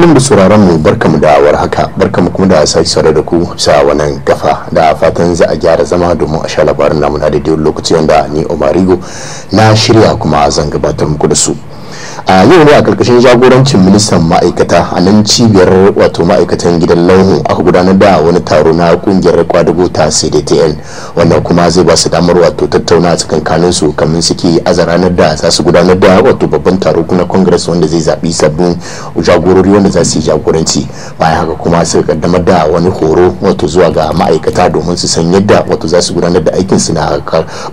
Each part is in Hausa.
kallon da sauraron mu kamu da awar haka kamu kuma da a sake saurare da ku sa wannan gafa da fatan za a gyara zama domin a sha labarin namu na daidai lokaci wanda ni Omarigo na shirya kuma zan gabatar muku da su a yau ne a karkashin jagorancin ministan ma'aikata a nan cibiyar wato ma'aikatan gidan launin aka gudanar da wani taro na kungiyar kwadago ta cdtn wanda kuma zai ba su damar wato tattauna tsakankanin su kamin suke aza ranar da za su gudanar da wato babban taro na congress wanda zai zaɓi sabbin jagorori wanda za su yi jagoranci bayan haka kuma suka kaddamar da wani horo wato zuwa ga ma'aikata domin su san yadda wato za su gudanar da aikin su na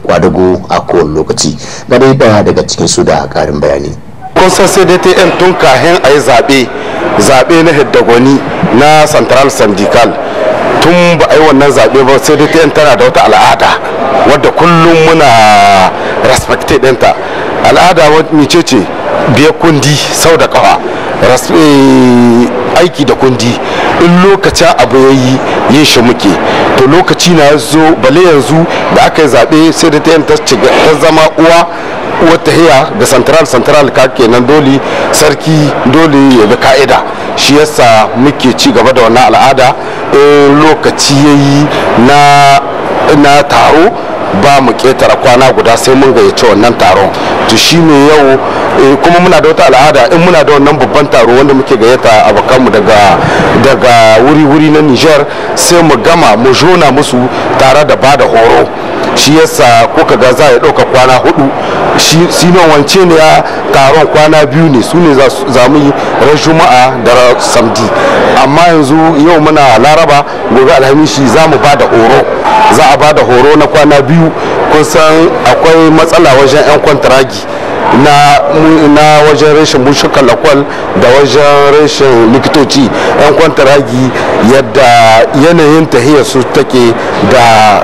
kwadugo a kowane lokaci ga dai daga cikin su da karin bayani kun san sai dai tn tun kahin a yi zaɓe zaɓe na hiddagoni na central syndical tun ba a yi wannan zaɓe ba sai dai tana da wata al'ada wadda kullum muna respected ɗinta al'ada mice ce biya kundi sau da ƙafa eh, aiki da kundi in lokacin abu ya yi yin shi muke to lokaci na zo bale yanzu da aka yi zaɓe sai da ta zama uwa uwar tahiya da central central ka kenan dole sarki dole ya bi ka'ida shi yasa muke ci gaba da wannan al'ada in lokaci ya yi na taro ba mu ketara kwana guda sai mun gayyaci wannan taron to shi ne yau eh, kuma muna da wata al'ada in muna da wannan babban taro wanda muke gayyata abokanmu daga daga wuri-wuri na niger sai mu gama mu jona musu tare da bada da horo shi yasa kuka ga za ya ɗauka kwana hudu shi wance ne ya taron kwana biyu ne su ne za mu yi ran juma'a da samdi amma yanzu yau muna laraba gobe alhamishi za mu ba da horo za a ba da horo na kwana biyu kun san akwai matsala wajen 'yan kwantaragi na wajen rashin mushukan kalakwal da wajen rashin likitoci 'yan kwantaragi yadda yanayin tahiyar su take da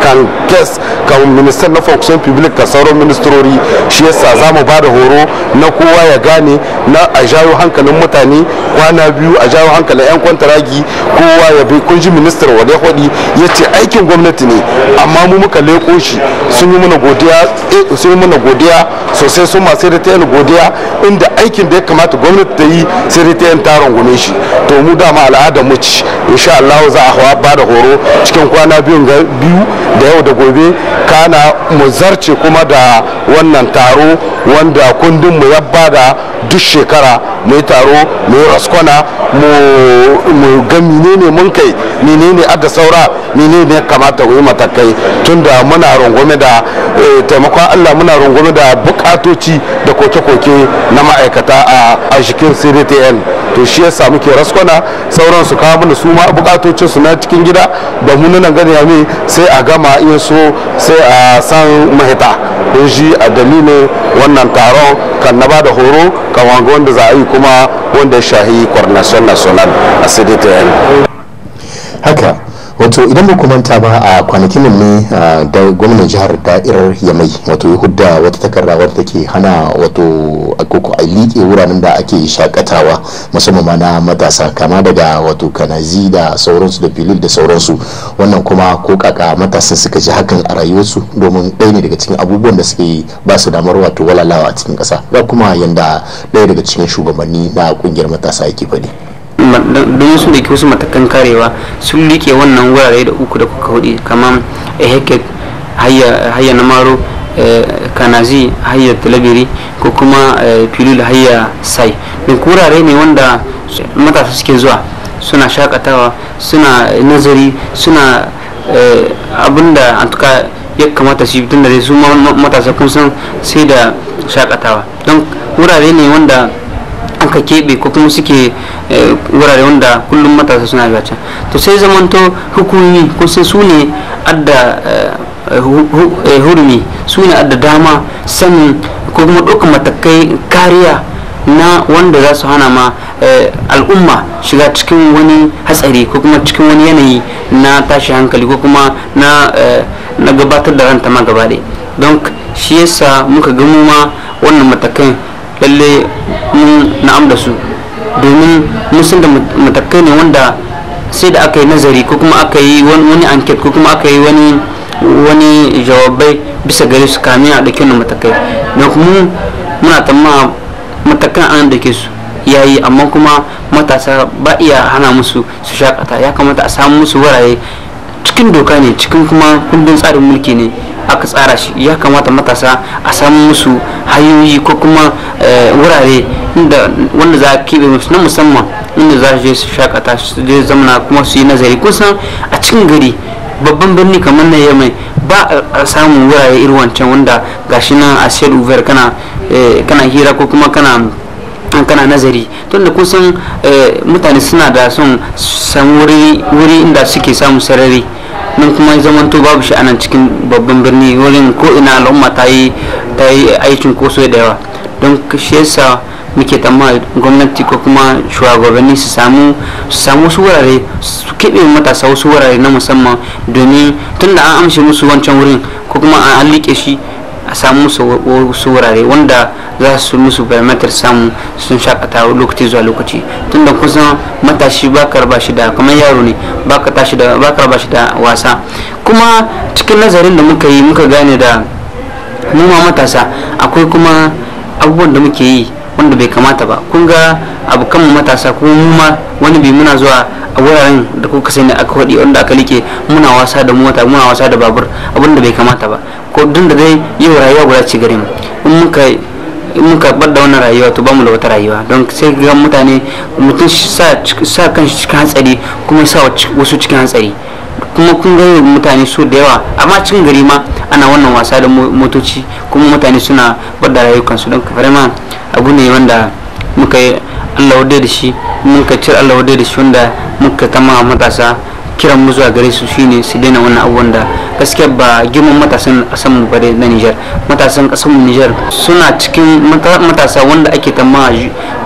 kan kes ministan na function public da sauran ministrori shi yasa za mu ba da horo na kowa ya gane na a jawo hankalin mutane kwana biyu a jawo hankalin 'yan kwantaragi kowa ya bi kun ji ministar wade hodi ya ce aikin gwamnati ne amma mu muka leko shi sun yi mana godiya eh, sun yi mana godiya sosai sun masu da godiya inda aikin da ya kamata gwamnati ta yi sai da yi taron gome shi to mu dama al'adar mu ci insha Allah za a ba da horo cikin kwana biyu da yau da gobe kana mu zarce kuma da wannan taro wanda kundin mu ya bada duk shekara mu taro mu yi raskwana mu ga menene mun kai menene adda saura menene kamata mu yi matakai tunda muna rungume da eh, taimakon Allah muna rungume da bukatoci da koke-koke na ma'aikata a shikin CDTN to shi yasa muke raskwana sauran su kawo mana su ma bukatocin su na cikin gida da mu nan gani yami sai a gama in so sai a san mahita kun shi a dalilin wannan taron kan na ba da horo kan wanga wanda za a yi kuma wanda shahi coordination national a cdtn haka to idan muku manta ba a kwanakin nan ne da gwamnan jihar da'irar yamai wato ya hudda wata takarda wadda take hana wato akoko a liƙe wuraren da ake shakatawa musamman ma na matasa kama daga wato kanazi da sauransu da filil da sauransu wannan kuma ko kaka matasa suka ji hakan a rayuwarsu domin ɗaya ne daga cikin abubuwan da suke ba su damar wato walalawa a cikin ƙasa da kuma yanda ɗaya daga cikin shugabanni na ƙungiyar matasa yake faɗi. don sun ke wasu matakan karewa sun rike wannan wurare da uku da kuka hudu kamar eheket eh, hayya na maro eh, kanazi hayya talabiri ko kuma eh, filul hayya sai don kurare ne wanda matasa suke zuwa suna shakatawa suna nazari suna abinda an tuka ya kamata su yi tun da su matasa kun san sai da shakatawa don wurare ne wanda aka keɓe ko kuma suke Eh, wurare wanda kullum matasa suna zuwa can to sai zamanto hukumi ko sai su ne adda eh, eh, hurumi su ne adda dama sanin ko kuma ɗaukar matakai kariya na wanda za su hana ma al'umma shiga cikin wani hatsari ko kuma cikin wani yanayi na tashi hankali ko kuma na gabatar da ranta ma gaba don shi yasa muka gamo ma wannan matakai lalle mun na'am da su domin musun da matakai ne wanda sai da aka yi nazari ko kuma aka yi wani anket ko kuma aka yi wani jawabai bisa gare su kamin a ɗauki wannan matakai don kuma muna tamma matakan an da ke su yayi amma kuma matasa ba iya hana musu su shakata ya kamata a samu musu wurare cikin doka ne cikin kuma kundin tsarin mulki ne aka tsara shi ya kamata matasa a samu musu hanyoyi ko kuma eh, wurare inda wanda za a keɓe musu na musamman inda za su je su shakata su je zamana kuma su yi nazari kusan a cikin gari babban birni kamar na yamai ba a samun wurare irin wancan wanda gashi nan a shed uber eh, kana hira ko kuma kana kana nazari tun da kusan eh, mutane suna da son san wuri inda suke samun sarari nan kuma ya zamanto babu shi anan cikin babban birni wurin ko ina al'umma ta yi aikin ko aikin da yawa don shi yasa muke tamma gwamnati ko kuma shugabanni su samu su samu wasu wurare su keɓe matasa wasu wurare na musamman domin tunda an amshe musu wancan wurin ko kuma an liƙe shi a samu musu wurare wanda za su musu barometer samu sun shakata lokaci zuwa lokaci tunda kusan matashi ba shi da kamar yaro ne ba shi da wasa kuma cikin nazarin da muka yi muka gane da noma matasa akwai kuma abubuwan da muke yi wanda bai kamata ba kun ga abu mu matasa kuma muma wani bi muna zuwa a wuraren da kuka sani aka faɗi wanda aka like muna wasa da mota muna wasa da babur abin da bai kamata ba ko dun da dai yau rayuwa guda ci gare mu in muka in bar da wannan rayuwa to bamu da wata rayuwa don sai ga mutane mutum sa shi cikin hatsari kuma sa wasu cikin hatsari kuma kun ga mutane su da yawa amma cikin gari ma ana wannan wasa da motoci kuma mutane suna bar da rayukansu don ma abu ne wanda muka yi allah wadda da shi muka cire allah wadda da shi wanda muka kama matasa kiran mu zuwa gare su shine su daina wannan abubuwan da gaskiya ba girman matasan kasar mu bare na Niger matasan kasan mu Niger suna cikin matasa wanda ake tamma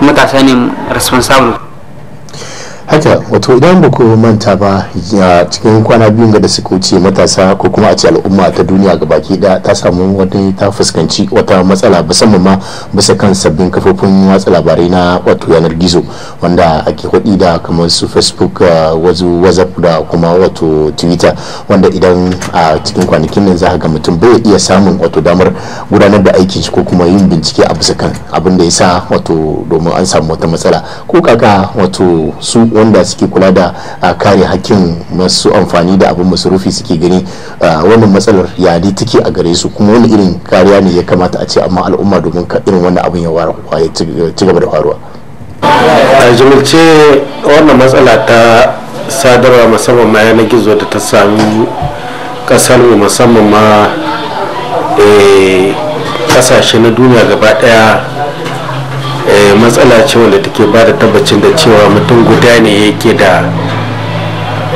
matasa ne responsible haka wato idan ba ku manta ba cikin kwana biyu da suka wuce matasa ko kuma a ce al'umma ta duniya ga baki da ta samu wani ta fuskanci wata matsala musamman ma bisa kan sabbin kafofin watsa labarai na wato yanar gizo wanda ake hudi da kamar su facebook eh, wazu whatsapp da kuma wato twitter wanda idan a cikin kwanakin nan za ga mutum bai iya samun wato damar gudanar da aikin shi ko kuma yin bincike a bisa kan abin da ya sa wato domin an samu wata matsala ko kaka wato su wanda suke kula da kare hakkin masu amfani da abin masarufi suke gani wannan matsalar ya dai take a gare su kuma wani irin kariya ne ya kamata a ce amma al'umma domin irin wannan abin ya ci gaba da faruwa a jimilce wannan matsala ta sadarwa musamman ma yanar gizo da ta sami kasar mu musamman ma kasashe eh, na duniya gaba daya Eh, matsala ce wanda take ba da tabbacin da cewa mutum guda ne yake da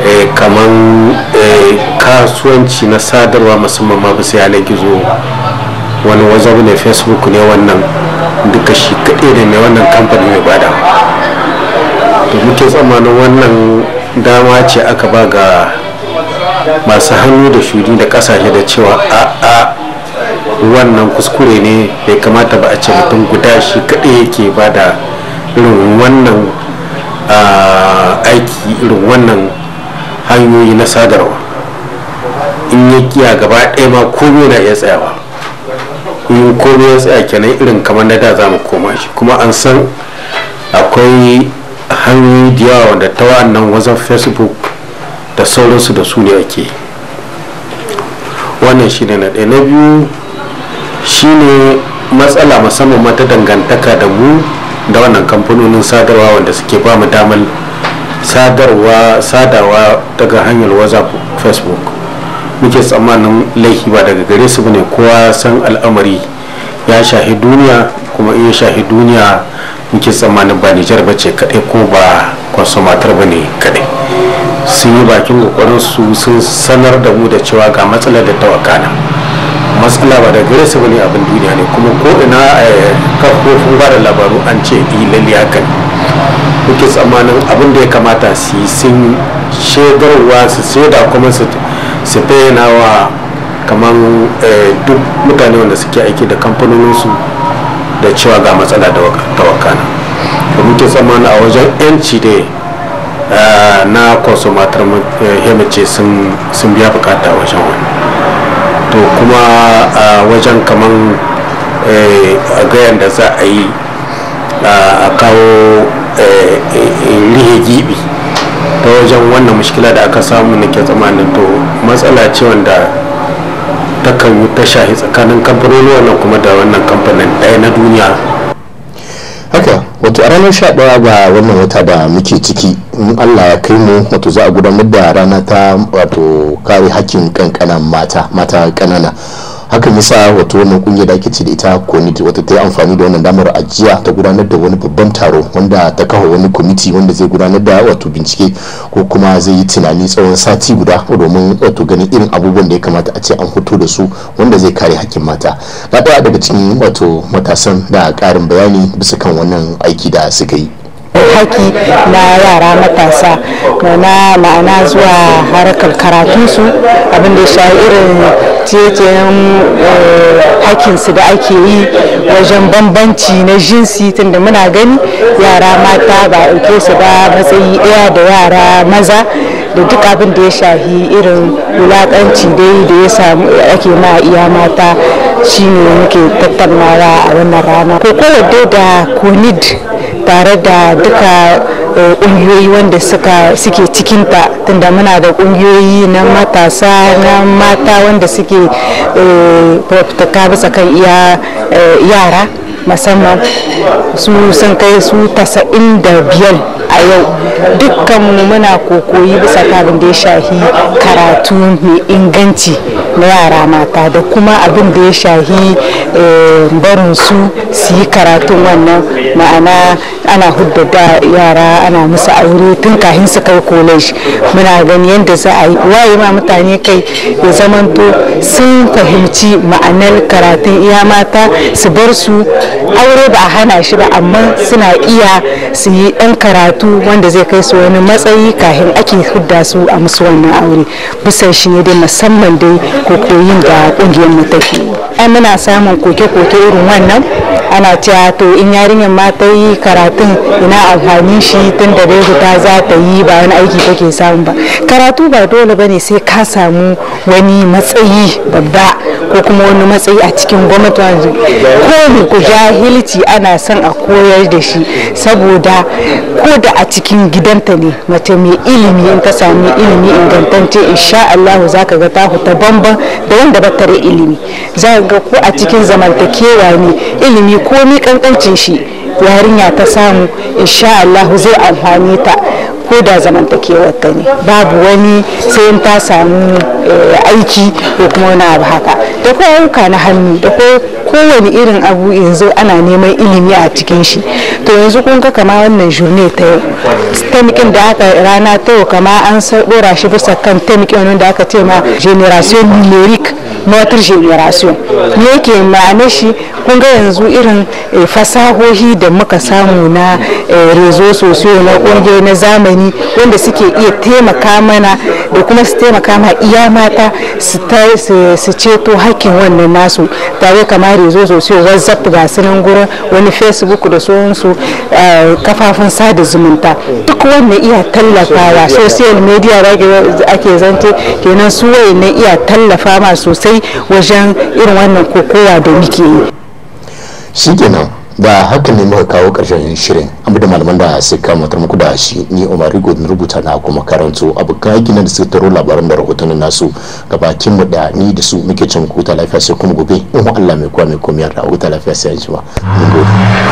eh, kaman eh, kasuwanci na sadarwa musamman ma bisa yanar gizo wani whatsapp ne facebook ne wannan duka shi kaɗai ne mai wannan kamfani mai bada da muke tsammanin wannan dama ce aka ba ga masu hannu da shudi da ƙasashe da cewa a wannan kuskure ne bai kamata ba a ce mutum guda shi kaɗai yake ba da irin wannan aiki irin wannan hanyoyi na sadarwa in ya kiya gaba ɗaya ma komai na iya tsayawa in komai ya tsaya kenan irin kamar na da za mu koma shi kuma an san akwai hanyoyi da yawa wanda ta wannan wajen facebook da sauransu da su ne ake wannan shi ne na ɗaya na biyu shi ne matsala musamman mata dangantaka da mu da wannan kamfanonin sadarwa wanda suke ba mu damar sadarwa sadawa daga hanyar whatsapp facebook muke tsammanin laifi ba daga gare su bane kowa san al'amari ya shahi duniya kuma in ya shahi duniya muke tsammanin ba nijar ba ce kaɗai ko ba kwasumatar ba ne kaɗai sun yi bakin kokarin su sun sanar da mu da cewa ga matsalar da ta wakana matsala ba da gare su bane abin duniya ne kuma ko ina eh, kafofin ba da labaru an ce ilal eh, ya kai kuke tsammanin abin da ya kamata su yi sun shaidarwa su shaida kuma su bayyana wa kamar eh, duk mutane wanda suke aiki da kamfanoninsu da cewa ga matsala da wakana da muke tsammanin a wajen yanci da na matar hemice sun biya bukata wajen wani to kuma a wajen kaman eh, a gayan da za a yi a kawo eh, eh, rihe gibi ta wajen wannan mashkila da aka samu na ke tsammanin to matsala ce wanda ta yi ta shahi tsakanin kamfanoni wannan kuma da wannan kamfanin ɗaya na duniya haka wato a ranar 11 ga wannan wata da muke ciki in allah ya kai mu wato za a gudanar da rana ta wato kare hakkin kankanan mata mata kanana hakan yasa wato wannan kungiya da ake ci da ita committee wato ta yi amfani da wannan damar ajiya ta gudanar da wani babban taro wanda ta kawo wani kwamiti wanda zai gudanar da wato bincike ko kuma zai yi tunani tsawon sati guda domin wato ganin irin abubuwan da ya kamata a ce an hoto da su wanda zai kare hakkin mata na daya daga cikin wato matasan da karin bayani bisa kan wannan aiki da suka yi haƙi na yara matasa na ma'ana zuwa harkar karatunsu abin da ya shafi irin ciyayen eh, hakinsu da ake yi wajen bambanci na jinsi tunda muna gani yara mata ba ɗauke su ba matsayi ɗaya da yara maza da duk abin da ya shafi irin wulaƙanci dai da ya samu ake ma iya mata shine muke tattaunawa a wannan rana ko kowadde da konid tare da duka eh, ƙungiyoyi wanda suka suke cikinta tunda muna da ƙungiyoyi na matasa na mata wanda suke eh, fafutaka bisa kan eh, yara musamman su sun kai su tasa'in da biyar a yau dukkanmu muna kokoyi bisa kabin da ya shahi karatu mai inganci na yara mata da kuma abin da ya shahi eh, barin su su yi karatun wannan ma'ana ana hudda yara ana musu aure tun kahin su kai college muna gani yadda za a yi waye ma mutane kai ya zamanto sun fahimci ma'anar karatun iya mata su bar su aure ba a hana shi ba amma suna iya su yi ɗan karatu su wanda zai kai su wani matsayi kafin ake hudda su a musu wannan aure bisa shi ne dai musamman dai kokoyin da kungiyar mu take ai muna samun koke-koke irin wannan ana cewa to in yarinyar ma ta yi karatun ina amfanin shi tun da dai ta za ta yi ba wani aiki take samu ba karatu ba dole bane sai ka samu wani matsayi babba ko kuma wani matsayi a cikin gwamnati ko ku jahilci ana son a koyar da shi saboda ko da a cikin gidanta ne mace mai ilimi in ka sami ilimi ingantacce insha Allah za ka ga ta huta bamban da wanda ba tare ilimi za ga ko a cikin zamantakewa ne ilimi ko ni kankancin shi yarinya ta samu insha Allah zai amfane ta ko da zamantakewar ta ne babu wani sai ta samu eh, aiki ko kuma wani abu haka da koyarka na hannu da kowane irin abu yanzu ana neman ilimi a cikin shi to yanzu kun ga kama wannan jurne ta yau tamikin da aka rana ta yau kama an dora shi bisa kan temikin da aka ce ma generation numeric notre generation me yake ma'ana shi kun ga yanzu irin eh, fasahohi da muka samu na eh, rezo sosai na kunge na zamani wanda suke iya taimaka mana da kuma su taimaka ma iya mata su ceto hakkin wannan nasu tare kamar rezo sosai whatsapp ga sunan gurin wani facebook da sauransu Eh, kafafun sada zumunta duk wanda iya tallafawa social media ake zance kenan su na iya tallafa ma sosai wajen irin wannan kokowa da muke yi shi kenan da haka ne muka kawo karshen shirin amma da malaman da sai ka tar muku da shi ni Umar Rigo na rubuta na kuma karanto ka gina da suka taro labaran da rahoton nasu gabakin mu da ni da su muke cin kuta lafiya sai kuma gobe in Allah mai kwa mai komiyar da huta lafiya sai an ji ba